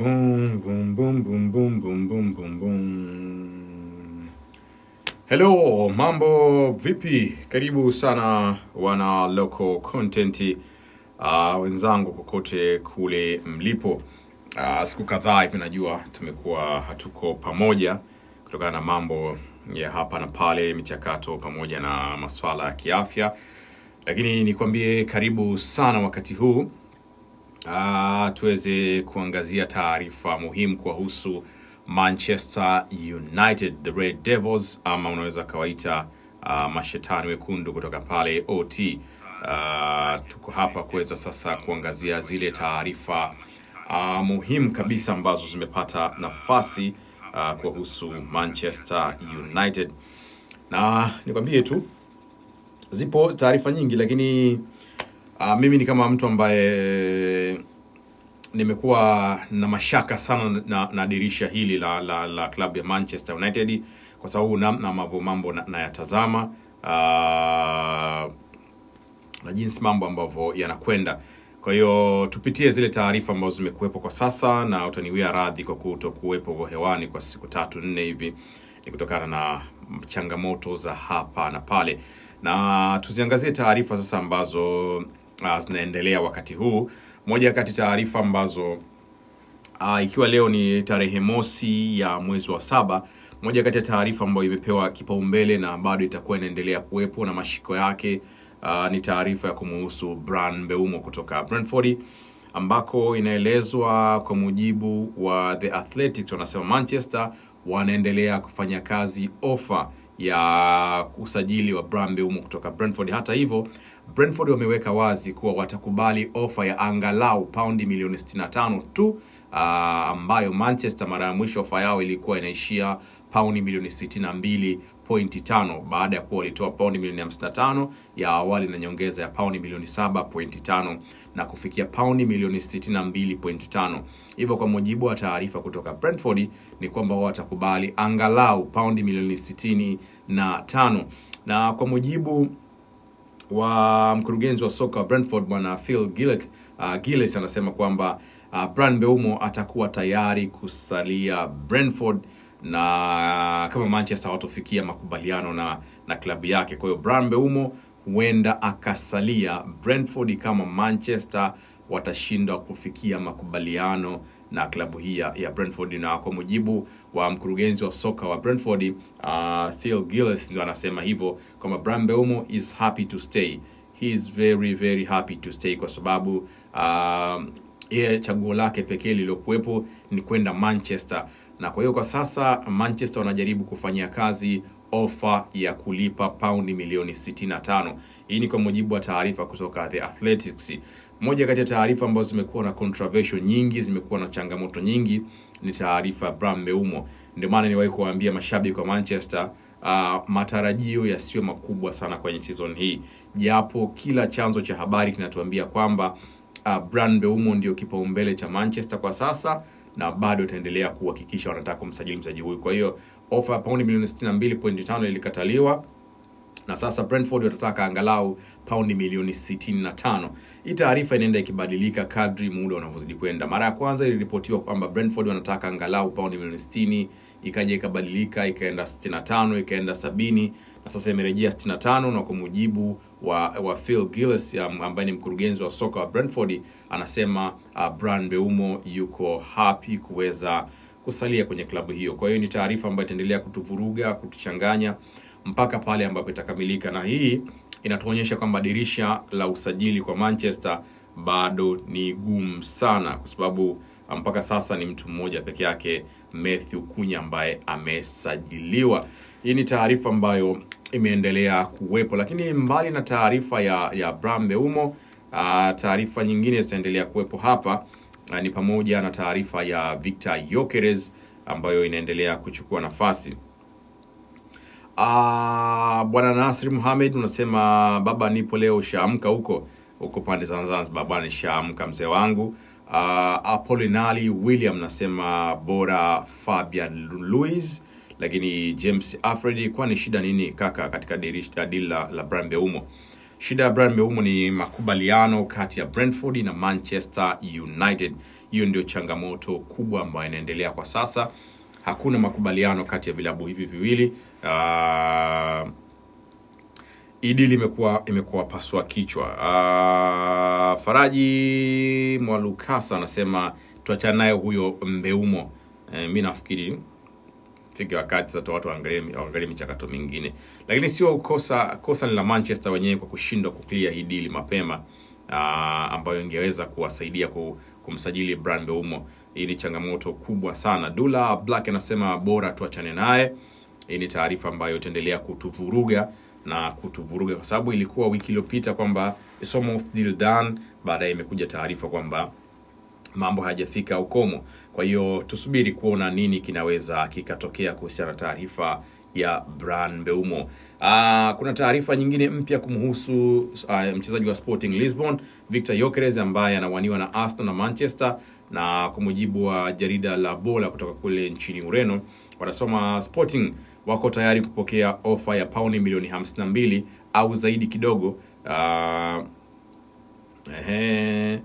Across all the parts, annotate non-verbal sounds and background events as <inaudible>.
Boom, boom, boom, boom, boom, boom, boom, boom, boom. Hello, mambo vipi? Karibu sana wana local content uh, wenzangu kokote kule mlipo. Uh, siku kadhaa hivi najua tumekuwa hatuko pamoja kutokana na mambo ya hapa na pale, michakato pamoja na masuala ya kiafya, lakini nikwambie karibu sana wakati huu uh, tuweze kuangazia taarifa muhimu kuwahusu Manchester United, the Red Devils ama unaweza kawaita uh, mashetani wekundu kutoka pale OT. Uh, ah, tuko hapa kuweza sasa kuangazia zile taarifa uh, muhimu kabisa ambazo zimepata nafasi uh, husu Manchester United, na nikwambie tu zipo taarifa nyingi, lakini Uh, mimi ni kama mtu ambaye nimekuwa na mashaka sana na, na dirisha hili la, la, la klabu ya Manchester United kwa sababu namna ambavyo mambo nayatazama na, uh, na jinsi mambo ambavyo yanakwenda. Kwa hiyo tupitie zile taarifa ambazo zimekuwepo kwa sasa, na utaniwia radhi kwa kutokuwepo hewani kwa siku tatu nne hivi, ni kutokana na changamoto za hapa na pale, na tuziangazie taarifa sasa ambazo uh, zinaendelea wakati huu. Moja kati taarifa ambazo uh, ikiwa leo ni tarehe mosi ya mwezi wa saba, moja kati ya taarifa ambayo imepewa kipaumbele na bado itakuwa inaendelea kuwepo na mashiko yake uh, ni taarifa ya kumuhusu Bran Mbeumo kutoka Brentford ambako inaelezwa kwa mujibu wa The Athletic wanasema Manchester wanaendelea kufanya kazi ofa ya usajili wa Brambe humo kutoka Brentford. Hata hivyo, Brentford wameweka wazi kuwa watakubali ofa ya angalau paundi milioni 65 tu, ah, ambayo Manchester mara ya mwisho ofa yao ilikuwa inaishia paundi milioni 62 pointi tano baada ya kuwa walitoa paundi milioni 55 ya awali na nyongeza ya paundi milioni 7.5 na kufikia paundi milioni 62.5. Hivyo kwa mujibu wa taarifa kutoka Brentford ni kwamba watakubali angalau paundi milioni 65 na kwa mujibu wa mkurugenzi wa soka wa Brentford bwana Phil Gillett, uh, Gillett anasema kwamba uh, Bryan Mbeumo atakuwa tayari kusalia Brentford na kama Manchester watofikia makubaliano na, na klabu yake. Kwa hiyo Bryan beumo huenda akasalia Brentford kama Manchester watashindwa kufikia makubaliano na klabu hii ya Brentford. Na kwa mujibu wa mkurugenzi wa soka wa Brentford uh, Theo Gillis ndio anasema hivyo kwamba Bryan beumo is happy to stay, he is very very happy to stay kwa sababu uh, yeye chaguo lake pekee lililokuwepo ni kwenda Manchester na kwa hiyo kwa sasa Manchester wanajaribu kufanyia kazi ofa ya kulipa paundi milioni 65. Hii ni kwa mujibu wa taarifa kutoka The Athletics. Moja kati ya taarifa ambazo zimekuwa na controversy nyingi, zimekuwa na changamoto nyingi, ni taarifa ya Bram Meumo. Ndio maana niwahi kuwaambia mashabiki wa Manchester Uh, matarajio yasiyo makubwa sana kwenye season hii, japo kila chanzo cha habari kinatuambia kwamba uh, Bram Meumo ndio kipaumbele cha Manchester kwa sasa na bado itaendelea kuhakikisha wanataka kumsajili mchezaji huyu. Kwa hiyo ofa ya paundi milioni 62.5 ilikataliwa na sasa Brentford watataka angalau paundi milioni 65. Hii taarifa inaenda ikibadilika kadri muda unavyozidi kwenda. Mara ya kwanza iliripotiwa kwamba Brentford wanataka angalau paundi milioni 60, ikaja ikabadilika ikaenda 65, ikaenda sabini na sasa imerejea 65, na kwa mujibu wa, wa Phil Gillis ambaye ni mkurugenzi wa soka wa Brentford anasema uh, Bryan Mbeumo yuko happy kuweza kusalia kwenye klabu hiyo. Kwa hiyo ni taarifa ambayo itaendelea kutuvuruga, kutuchanganya mpaka pale ambapo itakamilika, na hii inatuonyesha kwamba dirisha la usajili kwa Manchester bado ni gumu sana, kwa sababu um, mpaka sasa ni mtu mmoja peke yake Mathew Kunya ambaye amesajiliwa. Hii ni taarifa ambayo imeendelea kuwepo, lakini mbali na taarifa ya, ya Bram beumo uh, taarifa nyingine zitaendelea kuwepo hapa uh, ni pamoja na taarifa ya Victor Yokeres ambayo inaendelea kuchukua nafasi Ah, bwana Nasri Muhamed unasema baba, nipo leo, ushaamka huko huko pande za Zanzibar bwana, nishaamka mzee wangu. Ah, Apolinali William nasema bora Fabian Luis, lakini James Alfred, kwani shida nini kaka katika dirisha dili la, la Brian Shida ya Brian beumo ni makubaliano kati ya Brentford na Manchester United. Hiyo ndio changamoto kubwa ambayo inaendelea kwa sasa hakuna makubaliano kati ya vilabu hivi viwili. Uh, ah, idili dili imekuwa imekuwa paswa kichwa. Uh, Faraji Mwalukasa anasema tuachane naye huyo Mbeumo. Eh, mi nafikiri fika wakati sasa watu waangalie michakato mingine, lakini sio kosa kosa ni la Manchester wenyewe kwa kushindwa kuclear hii dili mapema, uh, ambayo ingeweza kuwasaidia kumsajili brand beumo hii ni changamoto kubwa sana. Dula Black anasema bora tuachane naye. Hii ni taarifa ambayo itaendelea kutuvuruga na kutuvuruga kwa sababu ilikuwa wiki iliyopita kwamba it's almost deal done, baadaye imekuja taarifa kwamba mambo hayajafika ukomo. Kwa hiyo tusubiri kuona nini kinaweza kikatokea kuhusiana na taarifa ya bran Mbeumo. Uh, kuna taarifa nyingine mpya kumhusu uh, ah, mchezaji wa Sporting Lisbon Victor Gyökeres ambaye anawaniwa na Arsenal na Manchester, na kwa mujibu wa jarida la Bola kutoka kule nchini Ureno, wanasoma Sporting wako tayari kupokea ofa ya pauni milioni 52 au zaidi kidogo uh, ehe,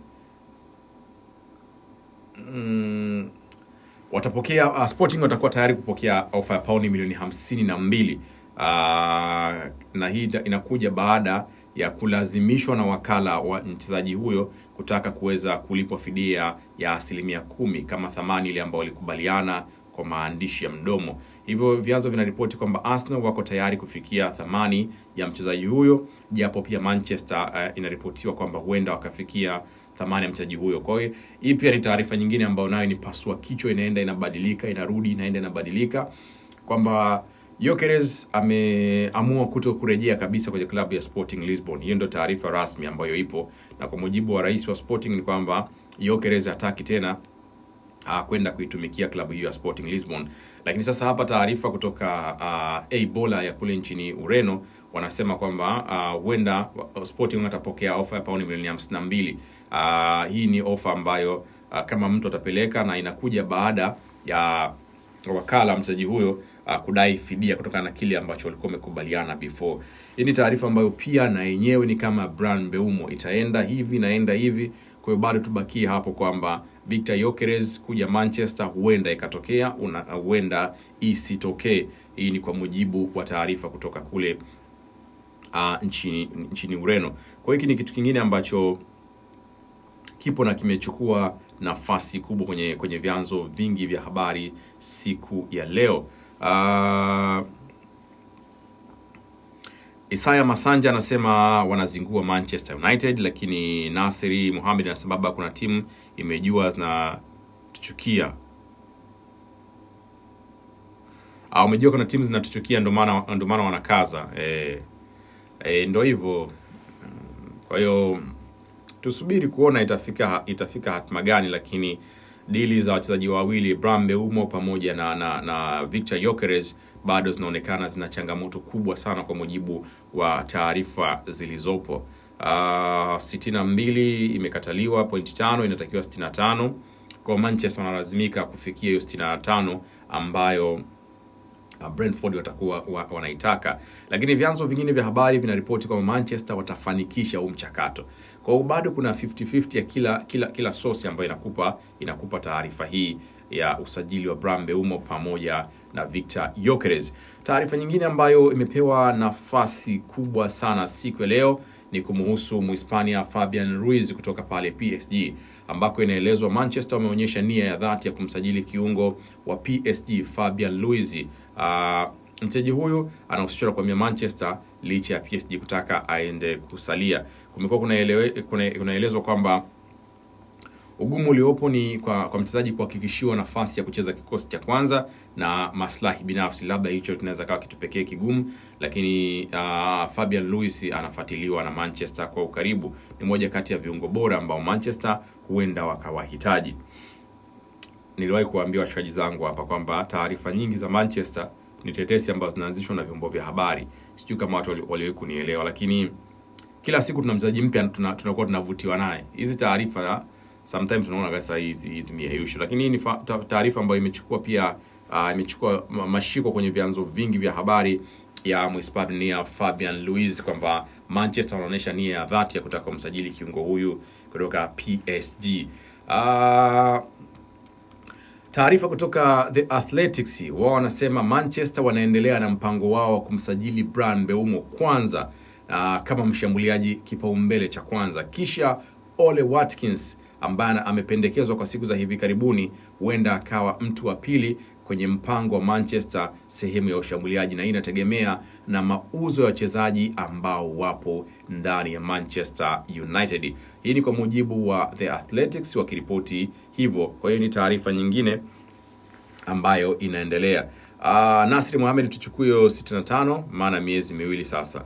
mm, watapokea uh, Sporting watakuwa tayari kupokea ofa ya pauni milioni hamsini na mbili uh, na hii inakuja baada ya kulazimishwa na wakala wa mchezaji huyo kutaka kuweza kulipwa fidia ya asilimia kumi kama thamani ile ambayo walikubaliana kwa maandishi ya mdomo. Hivyo vyanzo vinaripoti kwamba Arsenal wako tayari kufikia thamani ya mchezaji huyo, japo pia Manchester uh, inaripotiwa kwamba huenda wakafikia thamani ya mtaji huyo. Kwa hiyo hii pia ni taarifa nyingine ambayo nayo ni pasua kichwa, inaenda inabadilika, inarudi, inaenda inabadilika, kwamba Gyökeres ameamua kuto kurejea kabisa kwenye klabu ya Sporting Lisbon. Hiyo ndio taarifa rasmi ambayo ipo, na kwa mujibu wa rais wa Sporting ni kwamba Gyökeres hataki tena uh, kwenda kuitumikia klabu hiyo ya Sporting Lisbon. Lakini sasa hapa taarifa kutoka uh, ah, Eibola ya kule nchini Ureno wanasema kwamba ah, huenda uh, Sporting atapokea ofa ya pauni milioni 52 uh, hii ni ofa ambayo uh, kama mtu atapeleka na inakuja baada ya wakala mchezaji huyo uh, kudai fidia kutokana na kile ambacho walikuwa wamekubaliana before. Hii ni taarifa ambayo pia na yenyewe ni kama brand Mbeumo itaenda hivi naenda hivi. Kwa hiyo bado tubakie hapo kwamba Victor Gyokeres kuja Manchester huenda ikatokea, huenda isitokee. Hii ni kwa mujibu wa taarifa kutoka kule uh, nchini nchini Ureno. Kwa hiyo hiki ni kitu kingine ambacho kipo na kimechukua nafasi kubwa kwenye, kwenye vyanzo vingi vya habari siku ya leo. Uh, ah, Isaya Masanja anasema wanazingua Manchester United, lakini Nasiri Muhamed anasababa kuna timu imejua zinatuchukia umejua ah, kuna timu zinatuchukia ndo maana wanakaza. E, eh, e, eh, ndo hivyo. Kwa hiyo tusubiri kuona itafika itafika hatima gani, lakini dili za wachezaji wawili Bram Beumo pamoja na, na, na Victor Gyokeres bado zinaonekana zina changamoto kubwa sana kwa mujibu wa taarifa zilizopo. Uh, ah, 62 mbili imekataliwa pointi tano inatakiwa 65 kwa Manchester wanalazimika kufikia hiyo 65 ambayo Uh, Brentford watakuwa wanaitaka, lakini vyanzo vingine vya habari vinaripoti kwamba Manchester watafanikisha huu mchakato. Kwa hiyo bado kuna 50-50 ya kila kila kila source ambayo inakupa inakupa taarifa hii ya usajili wa brambe umo pamoja na Victor Yokeres. Taarifa nyingine ambayo imepewa nafasi kubwa sana siku ya leo ni kumhusu Muhispania Fabian Ruiz kutoka pale PSG, ambako inaelezwa Manchester wameonyesha nia ya dhati ya kumsajili kiungo wa PSG Fabian Ruiz. Uh, mchezaji huyu anahusichora kuhamia Manchester licha ya PSG kutaka aende kusalia. Kumekuwa kunaelezwa kwamba Ugumu uliopo ni kwa, kwa mchezaji kuhakikishiwa nafasi ya kucheza kikosi cha kwanza na maslahi binafsi, labda hicho tunaweza kawa kitu pekee kigumu, lakini uh, Fabian Luis anafuatiliwa na Manchester kwa ukaribu, ni moja kati ya viungo bora ambao Manchester huenda wakawahitaji. Niliwahi kuambia wachezaji zangu hapa kwamba taarifa nyingi za Manchester ni tetesi ambazo zinaanzishwa na vyombo vya habari. Sijui kama watu waliwahi kunielewa, lakini kila siku tuna mchezaji mpya tunakuwa tunavutiwa naye. Hizi taarifa sometimes unaona kabisa hizi hizi ni lakini hii ni taarifa ambayo imechukua pia uh, imechukua mashiko kwenye vyanzo vingi vya habari ya Mhispania Fabian Luiz kwamba Manchester wanaonyesha nia ya dhati ya kutaka kumsajili kiungo huyu kutoka PSG. Uh, ah, taarifa kutoka The Athletics wao wanasema Manchester wanaendelea na mpango wao wa kumsajili Bryan Mbeumo kwanza, uh, kama mshambuliaji kipaumbele cha kwanza, kisha Ole Watkins ambaye amependekezwa kwa siku za hivi karibuni, huenda akawa mtu wa pili kwenye mpango wa Manchester sehemu ya ushambuliaji, na hii inategemea na mauzo ya wachezaji ambao wapo ndani ya Manchester United. Hii ni kwa mujibu wa The Athletics wakiripoti hivyo. Kwa hiyo ni taarifa nyingine ambayo inaendelea. Uh, Nasri Mohamed tuchukue 65 maana miezi miwili sasa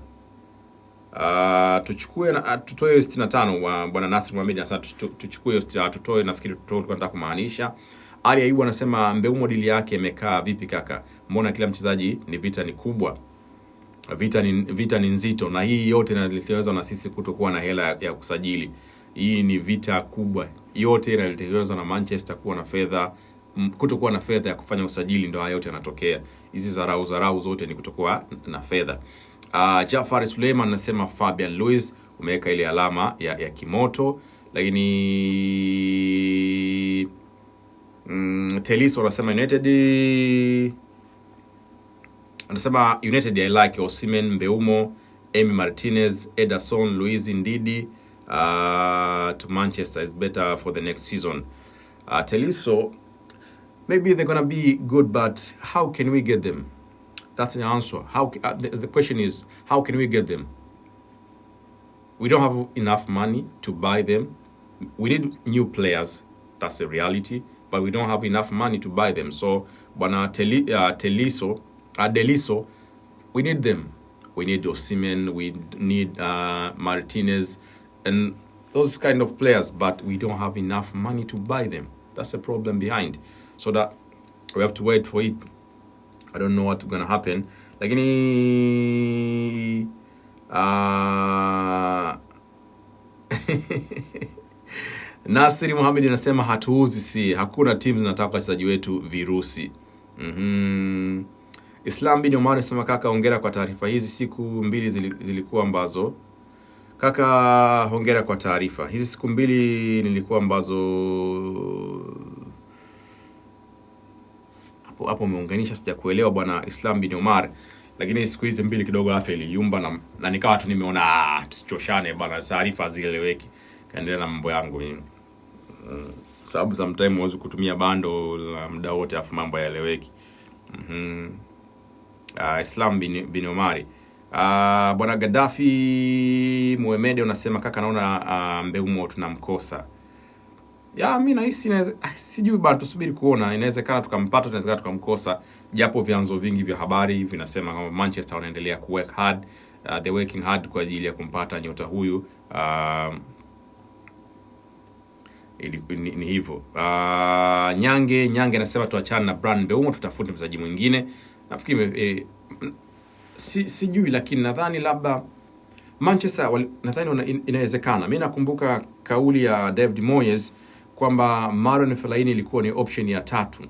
Uh, tuchukue na ah, tutoe hiyo 65 wa bwana Nasri Mohamed. Sasa tuchukue 65 tutoe, nafikiri tutoe, tunataka kumaanisha. Ali Ayubu anasema mbeu dili yake imekaa vipi kaka? Mbona kila mchezaji ni vita ni kubwa. Vita ni vita ni nzito na hii yote inaletewa na sisi kutokuwa na hela ya kusajili. Hii ni vita kubwa. Yote inaletewa na Manchester kuwa na fedha kutokuwa na fedha ya kufanya usajili, ndio hayo yote yanatokea. Hizi zarau zarau zote ni kutokuwa na fedha. Uh, ah, Jafari Suleiman anasema Fabian Luis umeweka ile alama ya, ya kimoto, lakini mm, Telis anasema United anasema United I like Osimen, Mbeumo, Emi Martinez, Ederson, Luis Ndidi uh, to Manchester is better for the next season. Uh, Teliso maybe they're gonna be good but how can we get them? That's the answer. How uh, the, the question is, how can we get them? We don't have enough money to buy them. We need new players. That's the reality. But we don't have enough money to buy them. So, Bwana Teli, uh, Teliso, Adeliso, uh, we need them. We need Osimen. We need uh, Martinez, and those kind of players. But we don't have enough money to buy them. That's the problem behind. So that we have to wait for it I don't know what's gonna happen, lakini uh, <laughs> Nasiri Muhammad anasema hatuuzi, si hakuna timu zinataka wachezaji wetu virusi. mm -hmm. Islam bin Omar anasema kaka, hongera kwa taarifa hizi, siku mbili zilikuwa ambazo Kaka, hongera kwa taarifa hizi. Siku mbili nilikuwa ambazo hapo hapo umeunganisha, sijakuelewa bwana Islam bin Omar, lakini siku hizi mbili kidogo afya iliyumba na, na nikawa tu nimeona ah, tusichoshane bwana, taarifa hazieleweki, kaendelea na mambo yangu mimi mm. Sababu sometimes huwezi kutumia bando la muda wote afu mambo hayaeleweki. mm -hmm. uh, Islam bin, bin Omari Uh, ah, bwana Gaddafi Muemede unasema kaka, naona uh, Mbeumo tunamkosa ya mi nahisi ah, sijui bado, tusubiri kuona. Inawezekana tukampata, inawezekana tukamkosa, japo vyanzo vingi vya habari vinasema kwamba Manchester wanaendelea kuwork hard, uh, the working hard kwa ajili ya kumpata nyota huyu. Uh, ili, ni, ni hivyo. Uh, Nyange Nyange anasema tuachane na brand beumo tutafute mchezaji mwingine. Nafikiri eh, si, sijui lakini nadhani labda Manchester nadhani inawezekana. Mimi nakumbuka kauli ya David Moyes kwamba Marouane Fellaini ilikuwa ni option ya tatu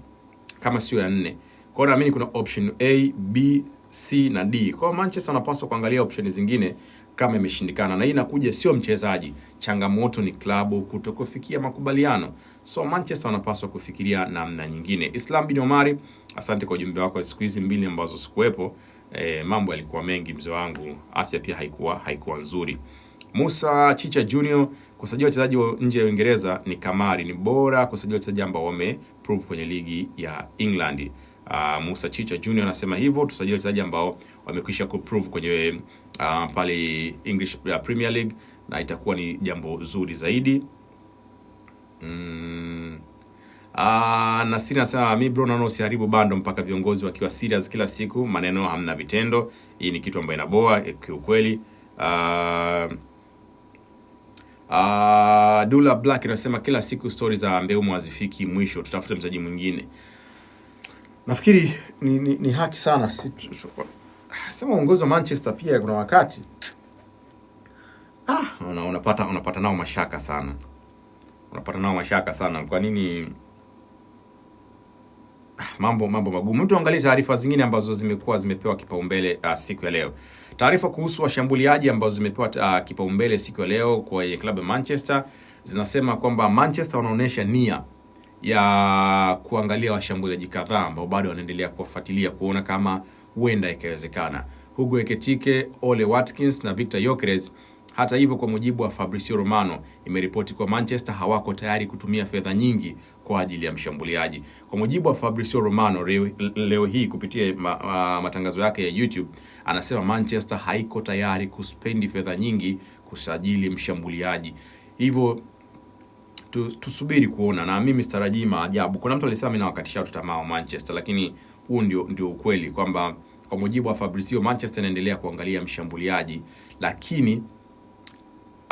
kama sio ya nne. Kwa hiyo naamini kuna option A, B, C na D. Kwa hiyo Manchester wanapaswa kuangalia option zingine kama imeshindikana, na hii inakuja sio mchezaji, changamoto ni klabu kutokufikia makubaliano. So Manchester wanapaswa kufikiria namna nyingine. Islam bin Omari, asante kwa ujumbe wako siku hizi mbili ambazo sikuwepo. E, mambo yalikuwa mengi mzee wangu, afya pia haikuwa haikuwa nzuri. Musa Chicha Junior kusajili wachezaji wa nje ya Uingereza ni kamari, ni bora kusajili wachezaji ambao prove kwenye ligi ya England. Uh, Musa Chicha Junior anasema hivyo, tusajili wachezaji ambao wamekwisha prove kwenye uh, pale English ah, Premier League na itakuwa ni jambo zuri zaidi. Mm. Ah, nasema mi bro, naona usiharibu bando mpaka viongozi wakiwa serious kila siku, maneno hamna vitendo. Hii ni kitu ambayo inaboa kiukweli. Ah, Uh, Dula Black inasema kila siku stori za Mbeumo hazifiki mwisho, tutafute mzaji mwingine. Nafikiri ni, ni, ni haki sana sema uongozi wa Manchester pia kuna wakati ah, una, unapata unapata nao mashaka sana, unapata nao mashaka sana. Kwa nini mambo mambo magumu. Tuangalie taarifa zingine ambazo zimekuwa zimepewa kipaumbele uh, siku ya leo. Taarifa kuhusu washambuliaji ambazo zimepewa uh, kipaumbele siku ya leo kwenye klabu ya Manchester zinasema kwamba Manchester wanaonyesha nia ya kuangalia washambuliaji kadhaa ambao bado wanaendelea kuwafuatilia kuona kama huenda ikawezekana. Hugo eketike Ole Watkins na Victor yokres hata hivyo, kwa mujibu wa Fabrizio Romano, imeripoti kuwa Manchester hawako tayari kutumia fedha nyingi kwa ajili ya mshambuliaji. Kwa mujibu wa Fabrizio Romano leo, leo hii kupitia ma, ma, matangazo yake ya YouTube anasema Manchester haiko tayari kuspendi fedha nyingi kusajili mshambuliaji, hivyo tusubiri kuona, na mimi sitarajii maajabu. Kuna mtu alisema mimi nawakatisha watu tamaa wa Manchester, lakini huu ndio, ndio ukweli kwamba kwa mujibu wa Fabrizio, Manchester inaendelea kuangalia mshambuliaji lakini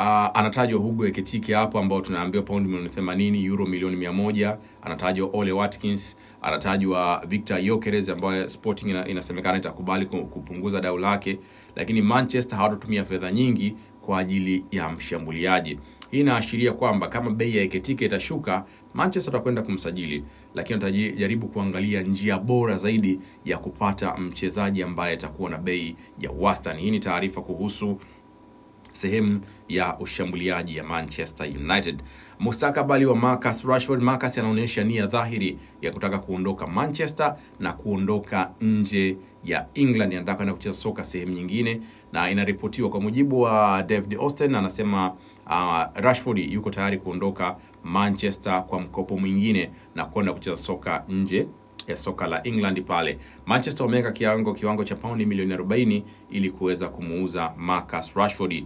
Uh, anatajwa Hugo Ekitike hapo ambao tunaambiwa paundi milioni 80, euro milioni 100, anatajwa Ole Watkins, anatajwa Victor Gyökeres ambaye Sporting ina, inasemekana itakubali kupunguza dau lake, lakini Manchester hawatotumia fedha nyingi kwa ajili ya mshambuliaji. Hii inaashiria kwamba kama bei ya Ekitike itashuka, Manchester atakwenda kumsajili, lakini atajaribu kuangalia njia bora zaidi ya kupata mchezaji ambaye atakuwa na bei ya wastani. Hii ni taarifa kuhusu sehemu ya ushambuliaji ya Manchester United. Mustakabali wa Marcus Rashford. Marcus anaonyesha nia dhahiri ya kutaka kuondoka Manchester na kuondoka nje ya England, anataka kwenda kucheza soka sehemu nyingine, na inaripotiwa kwa mujibu wa David Austin anasema uh, Rashford yuko tayari kuondoka Manchester kwa mkopo mwingine na kwenda kucheza soka nje ya soka la England pale. Manchester wameweka kiwango kiwango cha paundi milioni 40 ili kuweza kumuuza Marcus Rashford.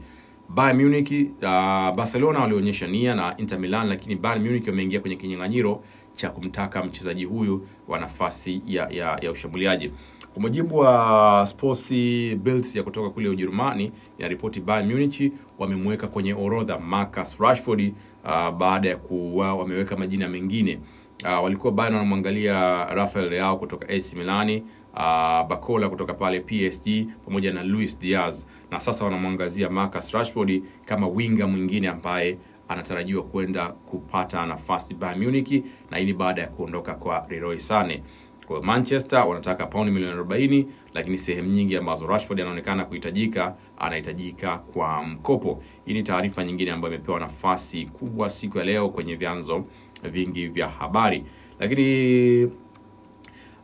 Bayern Munich, uh, Barcelona walionyesha nia na Inter Milan, lakini Bayern Munich wameingia kwenye kinyang'anyiro cha kumtaka mchezaji huyu wa nafasi ya, ya, ya ushambuliaji. Kwa mujibu wa Sports Bild ya kutoka kule Ujerumani inaripoti Bayern Munich wamemweka kwenye orodha Marcus Rashford uh, baada ya kuwa wameweka majina mengine Uh, walikuwa bado wanamwangalia Rafael Leao kutoka AC Milani, uh, ah, bakola kutoka pale PSG pamoja na Luis Diaz, na sasa wanamwangazia Marcus Rashford kama winga mwingine ambaye anatarajiwa kwenda kupata nafasi Bayern Munich, na hii ni baada ya kuondoka kwa riroi Sane. Kwa Manchester wanataka paundi milioni 40, lakini sehemu nyingi ambazo Rashford anaonekana kuhitajika anahitajika kwa mkopo. Hii ni taarifa nyingine ambayo imepewa nafasi kubwa siku ya leo kwenye vyanzo vingi vya habari, lakini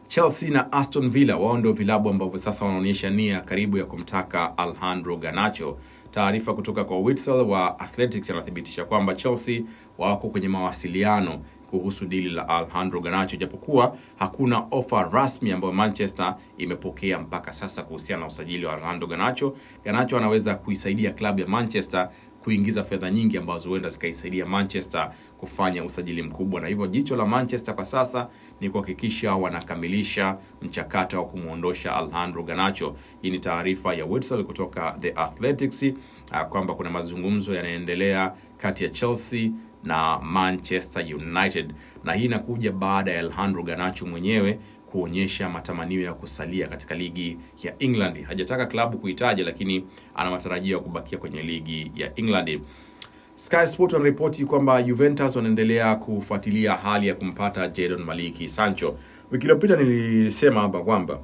Chelsea na Aston Villa wao ndio vilabu ambavyo sasa wanaonyesha nia karibu ya kumtaka Alejandro Garnacho. Taarifa kutoka kwa Witsel wa Athletics yanathibitisha kwamba Chelsea wako kwenye mawasiliano kuhusu dili la Alejandro Garnacho, japokuwa hakuna ofa rasmi ambayo Manchester imepokea mpaka sasa kuhusiana na usajili wa Alejandro Garnacho. Garnacho anaweza kuisaidia klabu ya Manchester kuingiza fedha nyingi ambazo huenda zikaisaidia Manchester kufanya usajili mkubwa, na hivyo jicho la Manchester kwa sasa ni kuhakikisha wanakamilisha mchakato wa kumwondosha Alejandro Garnacho. Hii ni taarifa ya Witsel kutoka The Athletics ah, kwamba kuna mazungumzo yanaendelea kati ya Chelsea na Manchester United na hii inakuja baada ya Alejandro Garnacho mwenyewe kuonyesha matamanio ya kusalia katika ligi ya England. Hajataka klabu kuitaja, lakini ana matarajio ya kubakia kwenye ligi ya England. Sky Sport wanaripoti kwamba Juventus wanaendelea kufuatilia hali ya kumpata Jadon Maliki Sancho. Wiki iliyopita nilisema hapa kwamba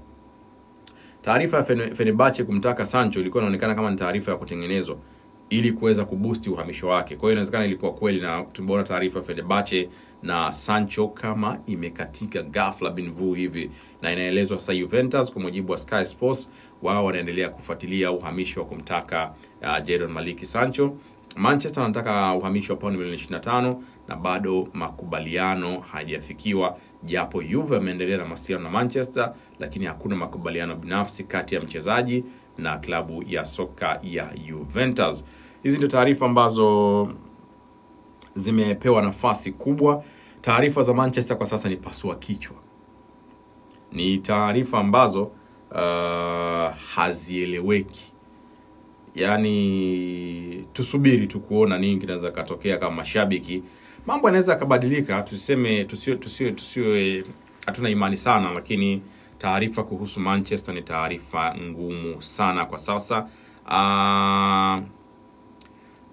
taarifa ya Fenerbahce kumtaka Sancho ilikuwa inaonekana kama ni taarifa ya kutengenezwa ili kuweza kubusti uhamisho wake. Kwa hiyo inawezekana ilikuwa kweli, na tumeona taarifa Fenerbahce na Sancho kama imekatika ghafla binvu hivi, na inaelezwa sasa Juventus kwa mujibu wa Sky Sports wao wanaendelea kufuatilia uhamisho wa kumtaka uh, Jadon Maliki Sancho. Manchester anataka uhamisho wa pauni milioni 25 na bado makubaliano hajafikiwa, japo Juve ameendelea na mawasiliano na Manchester, lakini hakuna makubaliano binafsi kati ya mchezaji na klabu ya soka ya Juventus. Hizi ndio taarifa ambazo zimepewa nafasi kubwa. Taarifa za Manchester kwa sasa ni pasua kichwa, ni taarifa ambazo uh, hazieleweki. Yaani tusubiri tu kuona nini kinaweza katokea. Kama mashabiki, mambo yanaweza yakabadilika, tusiseme tusiwe tusiwe tusiwe, hatuna imani sana, lakini taarifa kuhusu Manchester ni taarifa ngumu sana kwa sasa. Uh, ah,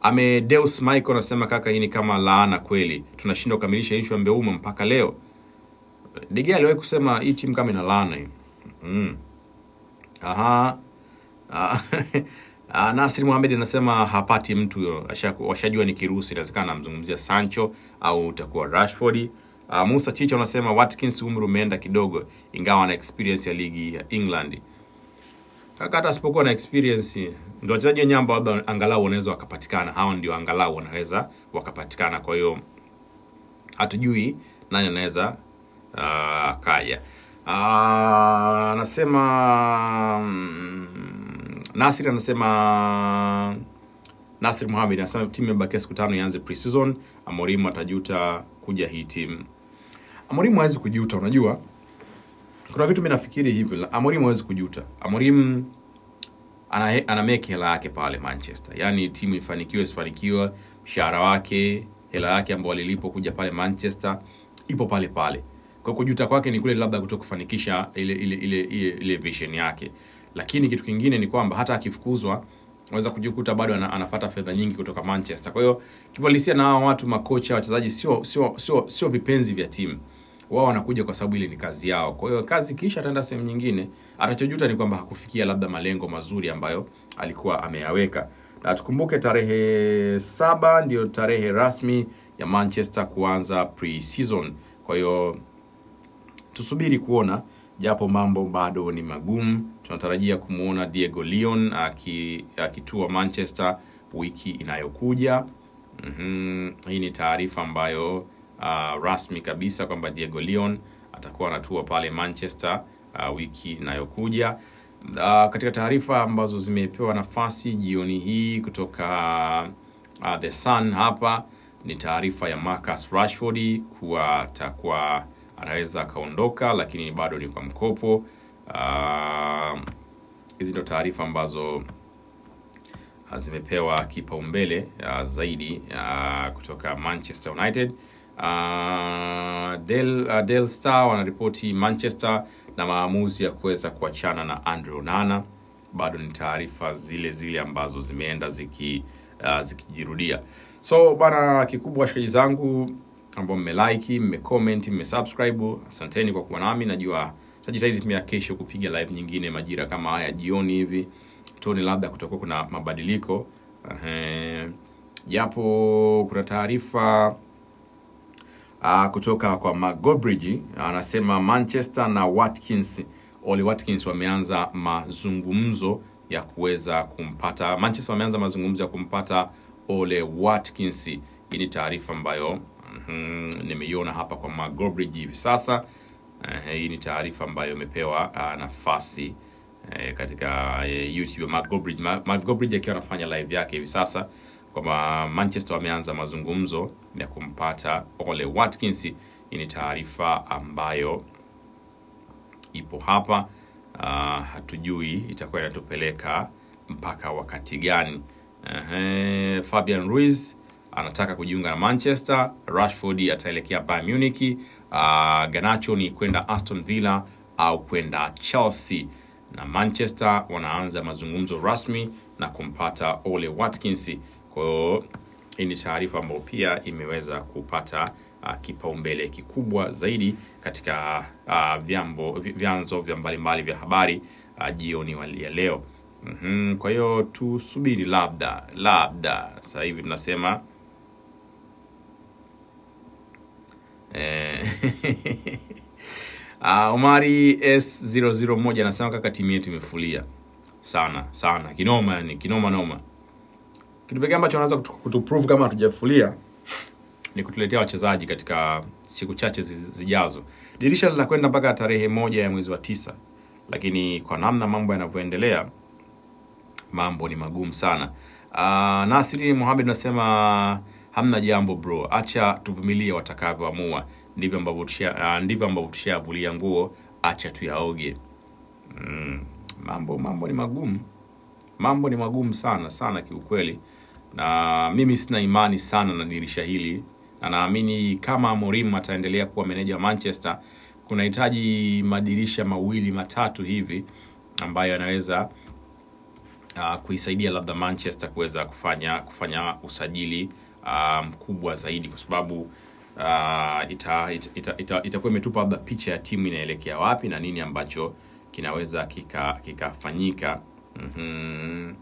Amedeus Michael anasema kaka, hii ni kama laana kweli, tunashindwa kukamilisha ishu ya Mbeuma mpaka leo. Dege aliwahi kusema hii timu kama ina laana hii. Mm. Aha. Ah, <laughs> ah, Nasri Mohamed anasema hapati mtu huyo, washajua ni kirusi. Inawezekana anamzungumzia Sancho au utakuwa Rashford. Uh, Musa Chicha unasema Watkins umri umeenda kidogo, ingawa ana experience ya ligi ya England. Kaka hata asipokuwa na experience, ndio wachezaji wenyewe ambao labda angalau wanaweza wakapatikana, hao ndio angalau wanaweza wakapatikana. Kwa hiyo hatujui nani anaweza uh, kaya. Uh, anasema um, mm, Nasir anasema Nasir Mohamed anasema timu imebakia siku tano ianze pre-season. Amorimu atajuta kuja hii timu. Amorim hawezi kujuta. Unajua, kuna vitu mimi nafikiri hivi, Amorim hawezi kujuta. Amorim ana, ana make hela yake pale Manchester, yaani timu ifanikiwe isifanikiwe, mshahara wake, hela yake ambayo alilipo kuja pale Manchester ipo pale pale. Kwa kujuta kwake ni kule labda kuto kufanikisha ile ile ile ile, ile vision yake, lakini kitu kingine ni kwamba hata akifukuzwa anaweza kujikuta bado anapata fedha nyingi kutoka Manchester. Kwa hiyo kiuhalisia, na hawa watu makocha, wachezaji sio sio sio sio vipenzi vya timu wao wanakuja kwa sababu ile ni kazi yao. Kwa hiyo kazi kisha ataenda sehemu nyingine, atachojuta ni kwamba hakufikia labda malengo mazuri ambayo alikuwa ameyaweka. Na tukumbuke tarehe saba ndiyo tarehe rasmi ya Manchester kuanza pre-season. Kwa hiyo tusubiri kuona, japo mambo bado ni magumu. Tunatarajia kumwona Diego Leon akitua Manchester wiki inayokuja. Mm -hmm. Hii ni taarifa ambayo uh, rasmi kabisa kwamba Diego Leon atakuwa anatua pale Manchester uh, wiki inayokuja. Uh, katika taarifa ambazo zimepewa nafasi jioni hii kutoka uh, The Sun hapa ni taarifa ya Marcus Rashford kuwa atakuwa anaweza akaondoka, lakini bado ni kwa mkopo. Uh, hizi uh, ndio taarifa ambazo uh, zimepewa kipaumbele uh, zaidi uh, kutoka Manchester United. Uh, Del, uh, Del Star wanaripoti Manchester na maamuzi ya kuweza kuachana na Andre Onana. Bado ni taarifa zile zile ambazo zimeenda ziki uh, zikijirudia. So bana, kikubwa washikaji zangu ambao mmelike, mmecomment, mmesubscribe, asanteni kwa kuwa nami. Najua tajitahidi pia kesho kupiga live nyingine majira kama haya jioni hivi, tuone labda kutakuwa kuna mabadiliko japo uh, kuna taarifa uh, kutoka kwa Magobridge ah, anasema Manchester na Watkins, Oli Watkins wameanza mazungumzo ya kuweza kumpata Manchester, wameanza mazungumzo ya kumpata Ole Watkins. Hii ni taarifa ambayo mm, nimeiona hapa kwa Magobridge hivi sasa. Uh, hii ni taarifa ambayo imepewa uh, nafasi uh, katika uh, YouTube Magobridge, Magobridge akiwa anafanya live yake hivi sasa kwamba Manchester wameanza mazungumzo ya kumpata Ole Watkins. Hii ni taarifa ambayo ipo hapa. Uh, hatujui itakuwa inatupeleka mpaka wakati gani. Uh, Fabian Ruiz anataka kujiunga na Manchester. Rashford ataelekea Bayern Munich. Uh, ah, ganacho ni kwenda Aston Villa au kwenda Chelsea, na Manchester wanaanza mazungumzo rasmi na kumpata Ole Watkins. Kwa hiyo hii ni taarifa ambayo pia imeweza kupata uh, kipaumbele kikubwa zaidi katika uh, vyambo, vyanzo vya mbalimbali vya habari uh, jioni ya leo. Mm -hmm. Kwa hiyo tusubiri, labda labda sasa hivi tunasema eh, <laughs> Omari uh, S001 anasema kaka, timu yetu imefulia sana sana, kinoma yani kinoma noma kitu pekee ambacho wanaweza kutuprove kama hatujafulia <laughs> ni kutuletea wachezaji katika siku chache zijazo. Dirisha linakwenda mpaka tarehe moja ya mwezi wa tisa, lakini kwa namna mambo yanavyoendelea mambo ni magumu sana. Uh, Nasri Mohamed anasema hamna jambo bro, acha tuvumilie watakavyoamua. Ndivyo ambavyo tusha uh, ndivyo ambavyo tushavulia nguo, acha tuyaoge. Mm, mambo mambo ni magumu, mambo ni magumu sana sana kiukweli na mimi sina imani sana na dirisha hili, na naamini kama Amorim ataendelea kuwa meneja wa Manchester, kunahitaji madirisha mawili matatu hivi ambayo anaweza uh, ah, kuisaidia labda Manchester kuweza kufanya kufanya usajili ah, mkubwa um, zaidi kwa sababu uh, ah, itakuwa ita, ita, ita, ita imetupa labda picha ya timu inaelekea wapi na nini ambacho kinaweza kikafanyika kika mm-hmm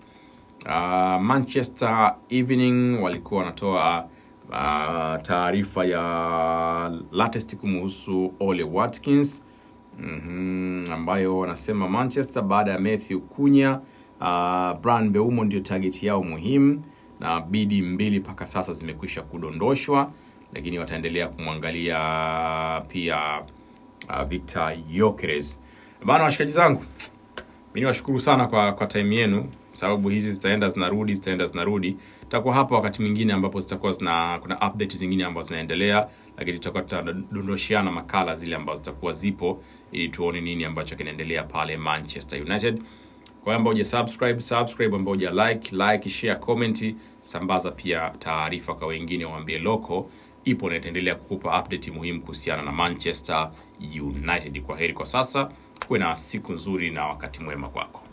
uh, Manchester Evening walikuwa wanatoa uh, taarifa ya latest kumuhusu Ole Watkins mm -hmm, ambayo wanasema Manchester baada ya Matthew Kunya uh, ah, Bryan beumo ndio target yao muhimu, na bidi mbili mpaka sasa zimekwisha kudondoshwa, lakini wataendelea kumwangalia pia uh, Victor Gyökeres. Bana, washikaji zangu, mimi washukuru sana kwa, kwa time yenu sababu hizi zitaenda zinarudi zitaenda zinarudi. Tutakuwa hapa wakati mwingine ambapo zitakuwa zina kuna update zingine ambazo zinaendelea, lakini tutakuwa tutadondosheana makala zile ambazo zitakuwa zipo ili tuone nini ambacho kinaendelea pale Manchester United. Kwa ambao subscribe subscribe, ambao like like, share, comment, sambaza pia taarifa kwa wengine, waambie loko ipo na itaendelea kukupa update muhimu kuhusiana na Manchester United. Kwa heri kwa sasa, kuwe na siku nzuri na wakati mwema kwako.